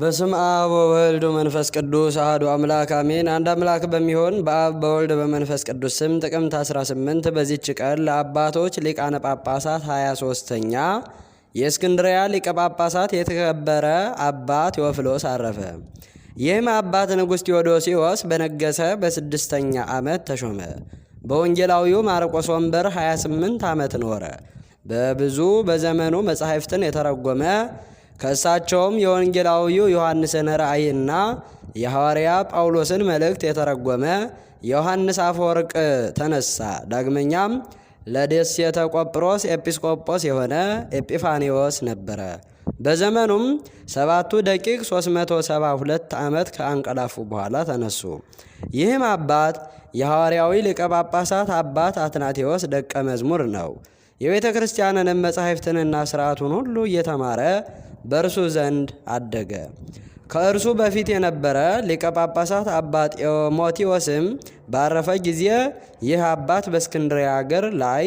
በስም አብ ወወልድ መንፈስ ቅዱስ አህዱ አምላክ አሜን። አንድ አምላክ በሚሆን በአብ በወልድ በመንፈስ ቅዱስ ስም ጥቅምት 18 በዚች ቀን ለአባቶች ሊቃነ ጳጳሳት 23ኛ የእስክንድሪያ ሊቀ ጳጳሳት የተከበረ አባት ቴዎፍሎስ አረፈ። ይህም አባት ንጉሥ ቴዎዶሲዎስ በነገሰ በስድስተኛ ዓመት ተሾመ። በወንጌላዊው ማርቆስ ወንበር 28 ዓመት ኖረ። በብዙ በዘመኑ መጻሕፍትን የተረጎመ ከእሳቸውም የወንጌላዊው ዮሐንስን ራእይና የሐዋርያ ጳውሎስን መልእክት የተረጎመ ዮሐንስ አፈወርቅ ተነሳ። ዳግመኛም ለደሴተ ቆጵሮስ ኤጲስቆጶስ የሆነ ኤጲፋኒዎስ ነበረ። በዘመኑም ሰባቱ ደቂቅ 372 ዓመት ከአንቀላፉ በኋላ ተነሱ። ይህም አባት የሐዋርያዊ ሊቀ ጳጳሳት አባት አትናቴዎስ ደቀ መዝሙር ነው። የቤተ ክርስቲያንንም መጻሕፍትንና ሥርዓቱን ሁሉ እየተማረ በእርሱ ዘንድ አደገ። ከእርሱ በፊት የነበረ ሊቀ ጳጳሳት አባ ጢሞቴዎስም ባረፈ ጊዜ ይህ አባት በእስክንድርያ አገር ላይ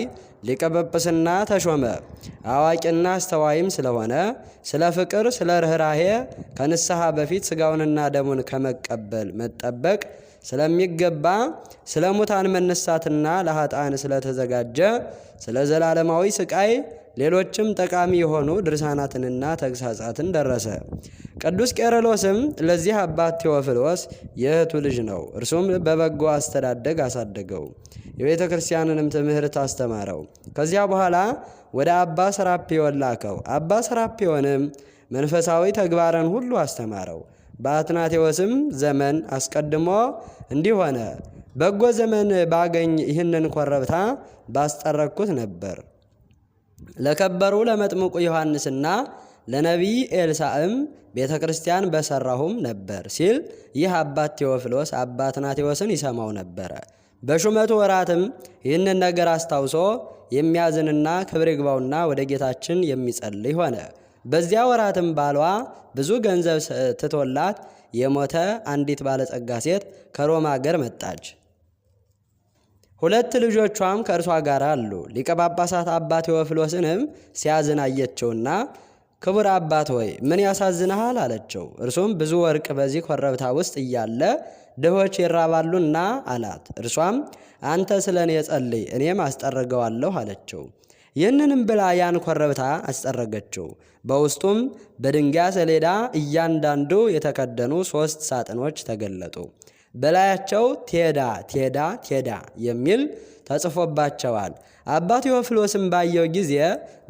ሊቀ ጵጵስና ተሾመ። አዋቂና አስተዋይም ስለሆነ ስለ ፍቅር፣ ስለ ርኅራሄ ከንስሐ በፊት ስጋውንና ደሙን ከመቀበል መጠበቅ ስለሚገባ ስለ ሙታን መነሳትና ለኃጣን ስለተዘጋጀ ስለ ዘላለማዊ ስቃይ ሌሎችም ጠቃሚ የሆኑ ድርሳናትንና ተግሳጻትን ደረሰ። ቅዱስ ቄርሎስም ለዚህ አባት ቴዎፍሎስ የእህቱ ልጅ ነው። እርሱም በበጎ አስተዳደግ አሳደገው፣ የቤተ ክርስቲያንንም ትምህርት አስተማረው። ከዚያ በኋላ ወደ አባ ሰራፒዮን ላከው። አባ ሰራፒዮንም መንፈሳዊ ተግባርን ሁሉ አስተማረው። በአትናቴዎስም ዘመን አስቀድሞ እንዲህ ሆነ። በጎ ዘመን ባገኝ ይህንን ኮረብታ ባስጠረግኩት ነበር። ለከበሩ ለመጥምቁ ዮሐንስና ለነቢይ ኤልሳዕም ቤተ ክርስቲያን በሰራሁም ነበር ሲል ይህ አባት ቴዎፍሎስ አባ አትናቴዎስን ይሰማው ነበረ። በሹመቱ ወራትም ይህንን ነገር አስታውሶ የሚያዝንና ክብር ይግባውና ወደ ጌታችን የሚጸልይ ሆነ። በዚያ ወራትም ባሏ ብዙ ገንዘብ ትቶላት የሞተ አንዲት ባለጸጋ ሴት ከሮማ አገር መጣች። ሁለት ልጆቿም ከእርሷ ጋር አሉ። ሊቀ ጳጳሳት አባ ቴዎፍሎስንም ሲያዝን አየችውና ክቡር አባት ሆይ ምን ያሳዝንሃል? አለችው። እርሱም ብዙ ወርቅ በዚህ ኮረብታ ውስጥ እያለ ድሆች ይራባሉና አላት። እርሷም አንተ ስለ እኔ ጸልይ፣ እኔም አስጠርገዋለሁ አለችው። ይህንንም ብላ ያን ኮረብታ አስጠረገችው። በውስጡም በድንጋይ ሰሌዳ እያንዳንዱ የተከደኑ ሦስት ሳጥኖች ተገለጡ። በላያቸው ቴዳ ቴዳ ቴዳ የሚል ተጽፎባቸዋል። አባ ቴዎፍሎስም ባየው ጊዜ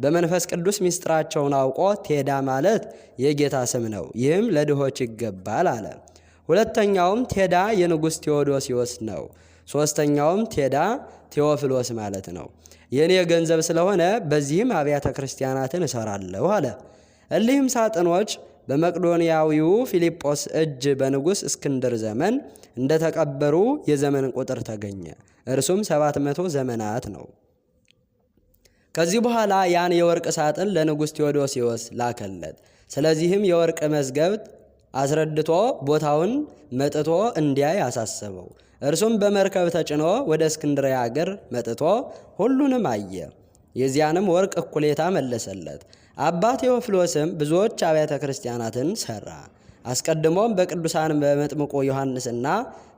በመንፈስ ቅዱስ ምስጢራቸውን አውቆ ቴዳ ማለት የጌታ ስም ነው፣ ይህም ለድሆች ይገባል አለ። ሁለተኛውም ቴዳ የንጉሥ ቴዎዶሲዎስ ነው። ሶስተኛውም ቴዳ ቴዎፍሎስ ማለት ነው። የእኔ ገንዘብ ስለሆነ በዚህም አብያተ ክርስቲያናትን እሰራለሁ አለ። እሊህም ሳጥኖች በመቅዶንያዊው ፊልጶስ እጅ በንጉሥ እስክንድር ዘመን እንደተቀበሩ የዘመን ቁጥር ተገኘ። እርሱም ሰባት መቶ ዘመናት ነው። ከዚህ በኋላ ያን የወርቅ ሳጥን ለንጉሥ ቴዎዶሲዎስ ላከለት። ስለዚህም የወርቅ መዝገብ አስረድቶ ቦታውን መጥቶ እንዲያይ አሳሰበው። እርሱም በመርከብ ተጭኖ ወደ እስክንድርያ አገር መጥቶ ሁሉንም አየ። የዚያንም ወርቅ እኩሌታ መለሰለት። አባ ቴዎፍሎስም ብዙዎች አብያተ ክርስቲያናትን ሠራ። አስቀድሞም በቅዱሳን በመጥምቁ ዮሐንስና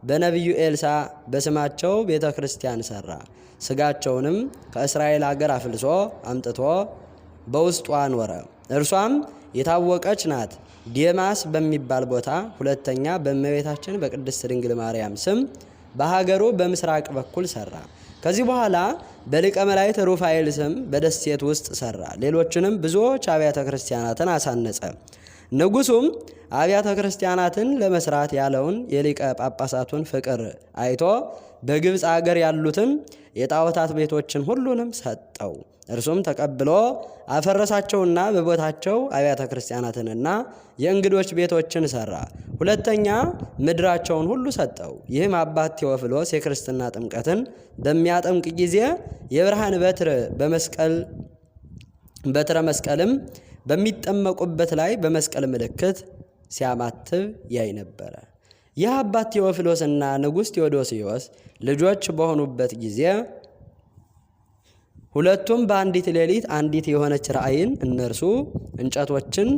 በነቢዩ ኤልሳ በስማቸው ቤተ ክርስቲያን ሠራ። ሥጋቸውንም ከእስራኤል አገር አፍልሶ አምጥቶ በውስጧ አኖረ። እርሷም የታወቀች ናት። ዴማስ በሚባል ቦታ ሁለተኛ በእመቤታችን በቅድስት ድንግል ማርያም ስም በሀገሩ በምስራቅ በኩል ሰራ። ከዚህ በኋላ በሊቀ መላእክት ሩፋኤል ስም በደሴት ውስጥ ሰራ። ሌሎችንም ብዙዎች አብያተ ክርስቲያናትን አሳነጸ። ንጉሱም አብያተ ክርስቲያናትን ለመስራት ያለውን የሊቀ ጳጳሳቱን ፍቅር አይቶ በግብፅ አገር ያሉትን የጣዖታት ቤቶችን ሁሉንም ሰጠው። እርሱም ተቀብሎ አፈረሳቸውና በቦታቸው አብያተ ክርስቲያናትንና የእንግዶች ቤቶችን ሰራ። ሁለተኛ ምድራቸውን ሁሉ ሰጠው። ይህም አባት ቴዎፍሎስ የክርስትና ጥምቀትን በሚያጠምቅ ጊዜ የብርሃን በትር በመስቀል በትረ መስቀልም በሚጠመቁበት ላይ በመስቀል ምልክት ሲያማትብ ያይ ነበረ። ይህ አባት ቴዎፍሎስና ንጉሥ ቴዎዶስዮስ ልጆች በሆኑበት ጊዜ ሁለቱም በአንዲት ሌሊት አንዲት የሆነች ራእይን እነርሱ እንጨቶችን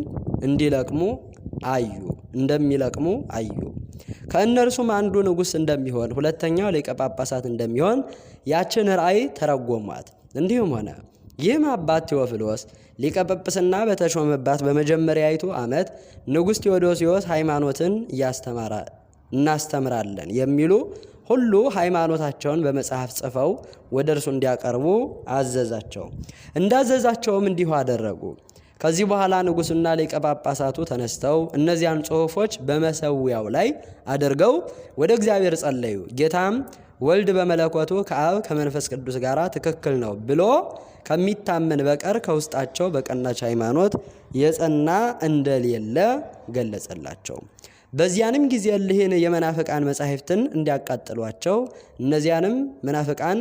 እንዲለቅሙ አዩ እንደሚለቅሙ አዩ። ከእነርሱም አንዱ ንጉሥ እንደሚሆን፣ ሁለተኛው ሊቀ ጳጳሳት እንደሚሆን ያችን ራእይ ተረጎሟት። እንዲሁም ሆነ። ይህም አባት ቴዎፍሎስ ሊቀ ጵጵስና በተሾመባት በመጀመሪያይቱ ዓመት ንጉሥ ቴዎዶሲዎስ ሃይማኖትን እያስተማራ እናስተምራለን የሚሉ ሁሉ ሃይማኖታቸውን በመጽሐፍ ጽፈው ወደ እርሱ እንዲያቀርቡ አዘዛቸው። እንዳዘዛቸውም እንዲሁ አደረጉ። ከዚህ በኋላ ንጉሥና ሊቀ ጳጳሳቱ ተነስተው እነዚያን ጽሑፎች በመሰዊያው ላይ አድርገው ወደ እግዚአብሔር ጸለዩ። ጌታም ወልድ በመለኮቱ ከአብ ከመንፈስ ቅዱስ ጋር ትክክል ነው ብሎ ከሚታመን በቀር ከውስጣቸው በቀናች ሃይማኖት የጸና እንደሌለ ገለጸላቸው። በዚያንም ጊዜ እሊህን የመናፍቃን መጻሕፍትን እንዲያቃጥሏቸው እነዚያንም መናፍቃን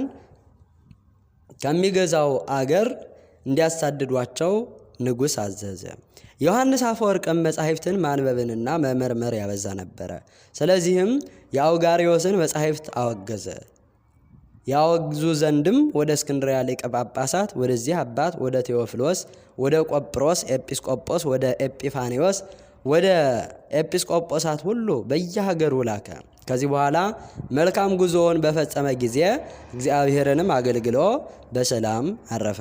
ከሚገዛው አገር እንዲያሳድዷቸው ንጉሥ አዘዘ። ዮሐንስ አፈወርቅም መጻሕፍትን ማንበብንና መመርመር ያበዛ ነበረ። ስለዚህም የአውጋሪዎስን መጻሕፍት አወገዘ። ያወግዙ ዘንድም ወደ እስክንድርያ ሊቀ ጳጳሳት ወደዚህ አባት ወደ ቴዎፍሎስ፣ ወደ ቆጵሮስ ኤጲስቆጶስ፣ ወደ ኤጲፋኒዎስ ወደ ኤጲስቆጶሳት ሁሉ በየሀገሩ ላከ። ከዚህ በኋላ መልካም ጉዞውን በፈጸመ ጊዜ እግዚአብሔርንም አገልግሎ በሰላም አረፈ።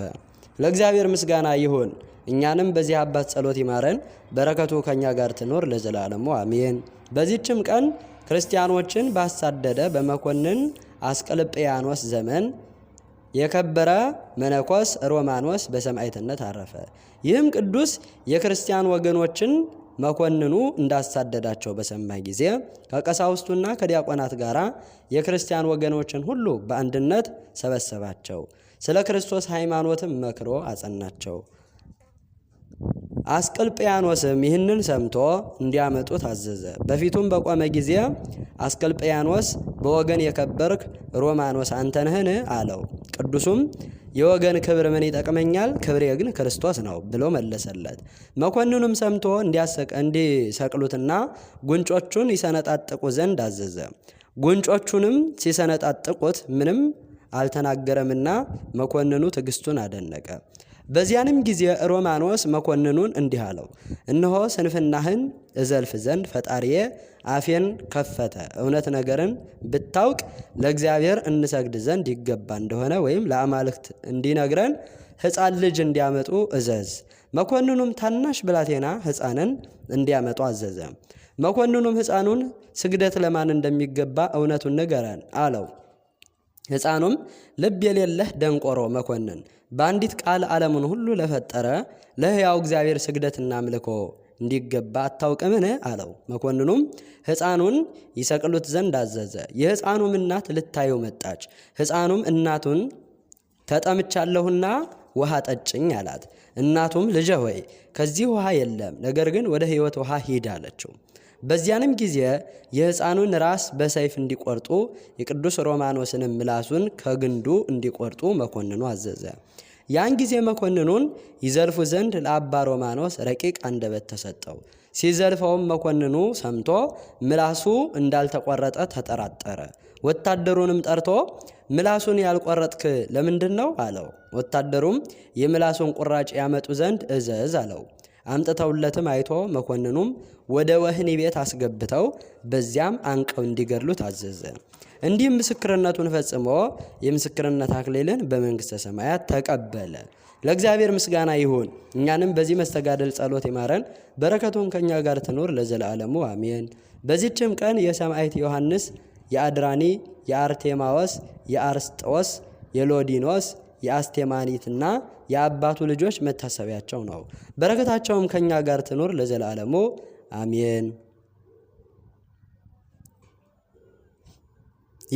ለእግዚአብሔር ምስጋና ይሁን። እኛንም በዚህ አባት ጸሎት ይማረን፣ በረከቱ ከእኛ ጋር ትኖር ለዘላለሙ አሜን። በዚችም ቀን ክርስቲያኖችን ባሳደደ በመኮንን አስቀልጵያኖስ ዘመን የከበረ መነኮስ ሮማኖስ በሰማዕትነት አረፈ። ይህም ቅዱስ የክርስቲያን ወገኖችን መኮንኑ እንዳሳደዳቸው በሰማ ጊዜ ከቀሳውስቱና ከዲያቆናት ጋር የክርስቲያን ወገኖችን ሁሉ በአንድነት ሰበሰባቸው። ስለ ክርስቶስ ሃይማኖትም መክሮ አጸናቸው። አስቀልጵያኖስም ይህንን ሰምቶ እንዲያመጡ ታዘዘ። በፊቱም በቆመ ጊዜ አስቀልጵያኖስ በወገን የከበርክ ሮማኖስ አንተ ነህን? አለው። ቅዱሱም የወገን ክብር ምን ይጠቅመኛል? ክብሬ ግን ክርስቶስ ነው ብሎ መለሰለት። መኮንኑም ሰምቶ እንዲሰቅሉትና ጉንጮቹን ይሰነጣጥቁ ዘንድ አዘዘ። ጉንጮቹንም ሲሰነጣጥቁት ምንም አልተናገረምና መኮንኑ ትዕግስቱን አደነቀ። በዚያንም ጊዜ ሮማኖስ መኮንኑን እንዲህ አለው፣ እነሆ ስንፍናህን እዘልፍ ዘንድ ፈጣሪዬ አፌን ከፈተ። እውነት ነገርን ብታውቅ ለእግዚአብሔር እንሰግድ ዘንድ ይገባ እንደሆነ ወይም ለአማልክት እንዲነግረን ሕፃን ልጅ እንዲያመጡ እዘዝ። መኮንኑም ታናሽ ብላቴና ሕፃንን እንዲያመጡ አዘዘ። መኮንኑም ሕፃኑን ስግደት ለማን እንደሚገባ እውነቱን ንገረን አለው። ሕፃኑም ልብ የሌለህ ደንቆሮ መኮንን በአንዲት ቃል ዓለምን ሁሉ ለፈጠረ ለሕያው እግዚአብሔር ስግደትና አምልኮ እንዲገባ አታውቅምን? አለው። መኮንኑም ሕፃኑን ይሰቅሉት ዘንድ አዘዘ። የሕፃኑም እናት ልታየው መጣች። ሕፃኑም እናቱን ተጠምቻለሁና ውሃ ጠጭኝ አላት። እናቱም ልጄ ሆይ ከዚህ ውሃ የለም፣ ነገር ግን ወደ ሕይወት ውሃ ሂድ አለችው። በዚያንም ጊዜ የሕፃኑን ራስ በሰይፍ እንዲቆርጡ የቅዱስ ሮማኖስንም ምላሱን ከግንዱ እንዲቆርጡ መኮንኑ አዘዘ። ያን ጊዜ መኮንኑን ይዘልፉ ዘንድ ለአባ ሮማኖስ ረቂቅ አንደበት ተሰጠው። ሲዘልፈውም መኮንኑ ሰምቶ ምላሱ እንዳልተቆረጠ ተጠራጠረ። ወታደሩንም ጠርቶ ምላሱን ያልቆረጥክ ለምንድን ነው አለው። ወታደሩም የምላሱን ቁራጭ ያመጡ ዘንድ እዘዝ አለው። አምጥተውለትም አይቶ መኮንኑም ወደ ወህኒ ቤት አስገብተው በዚያም አንቀው እንዲገድሉ ታዘዘ። እንዲህም ምስክርነቱን ፈጽሞ የምስክርነት አክሊልን በመንግሥተ ሰማያት ተቀበለ። ለእግዚአብሔር ምስጋና ይሁን። እኛንም በዚህ መስተጋደል ጸሎት ይማረን፣ በረከቱን ከእኛ ጋር ትኑር ለዘላለሙ አሜን። በዚችም ቀን የሰማዕት ዮሐንስ፣ የአድራኒ፣ የአርቴማዎስ፣ የአርስጦስ፣ የሎዲኖስ የአስቴማኒትና የአባቱ ልጆች መታሰቢያቸው ነው። በረከታቸውም ከእኛ ጋር ትኖር ለዘላለሙ አሜን።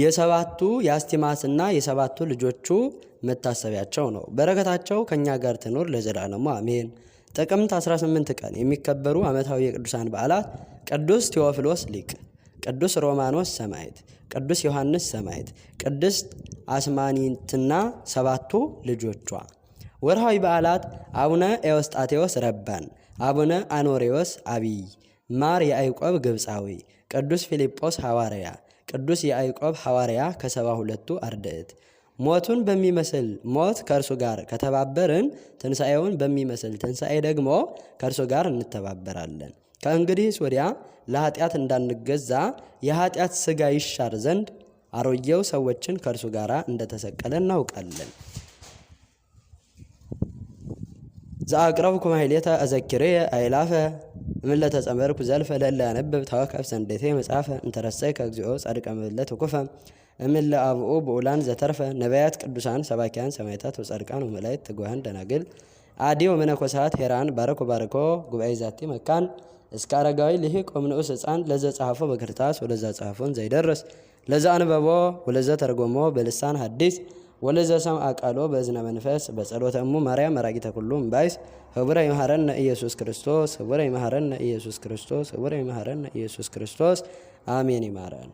የሰባቱ የአስቲማስና የሰባቱ ልጆቹ መታሰቢያቸው ነው። በረከታቸው ከእኛ ጋር ትኖር ለዘላለሙ አሜን። ጥቅምት 18 ቀን የሚከበሩ ዓመታዊ የቅዱሳን በዓላት ቅዱስ ቴዎፍሎስ ሊቅ ቅዱስ ሮማኖስ ሰማዕት፣ ቅዱስ ዮሐንስ ሰማዕት፣ ቅድስት አስማኒትና ሰባቱ ልጆቿ። ወርሃዊ በዓላት አቡነ ኤዎስጣቴዎስ ረባን፣ አቡነ አኖሬዎስ አቢይ፣ ማር የአይቆብ ግብፃዊ፣ ቅዱስ ፊልጶስ ሐዋርያ፣ ቅዱስ የአይቆብ ሐዋርያ ከሰባ ሁለቱ አርድእት። ሞቱን በሚመስል ሞት ከእርሱ ጋር ከተባበርን ትንሣኤውን በሚመስል ትንሣኤ ደግሞ ከእርሱ ጋር እንተባበራለን። ከእንግዲህስ ወዲያ ለኃጢአት እንዳንገዛ የኃጢአት ሥጋ ይሻር ዘንድ አሮጌው ሰዎችን ከእርሱ ጋር እንደተሰቀለ እናውቃለን። ዘአቅረብኩ ማሕሌተ አዘኪሬ አይላፈ እምለተ ጸመርኩ ዘልፈ ለለ ያነብብ ታወከፍ ሰንደቴ መጽሐፈ እንተረሰይ ከእግዚኦ ጸድቀ ምለተ ኩፈ እምለ አብኡ ብኡላን ዘተርፈ ነቢያት ቅዱሳን ሰባኪያን ሰማይታት ወጸድቃን ወመላይት ትጉሃን ደናግል አዲ ወመነኮሳት ሄራን ባረኮ ባረኮ ጉባኤ ዛቲ መካን እስከ አረጋዊ ልሂቅ ወምንዑስ ሕፃን ለዘ ጸሐፎ በክርታስ ወለዛ ጸሐፎን ዘይደርስ ለዘ አንበቦ ወለዘ ተርጎሞ በልሳን ሐዲስ ወለዘ ሰም ቃሎ በእዝነ መንፈስ በጸሎተ እሙ ማርያም መራቂተ ኩሉ እምባይስ ህቡረ ይምሃረነ ኢየሱስ ክርስቶስ ህቡረ ይምሃረነ ኢየሱስ ክርስቶስ ህቡረ ይምሃረነ ኢየሱስ ክርስቶስ አሜን። ይማረን።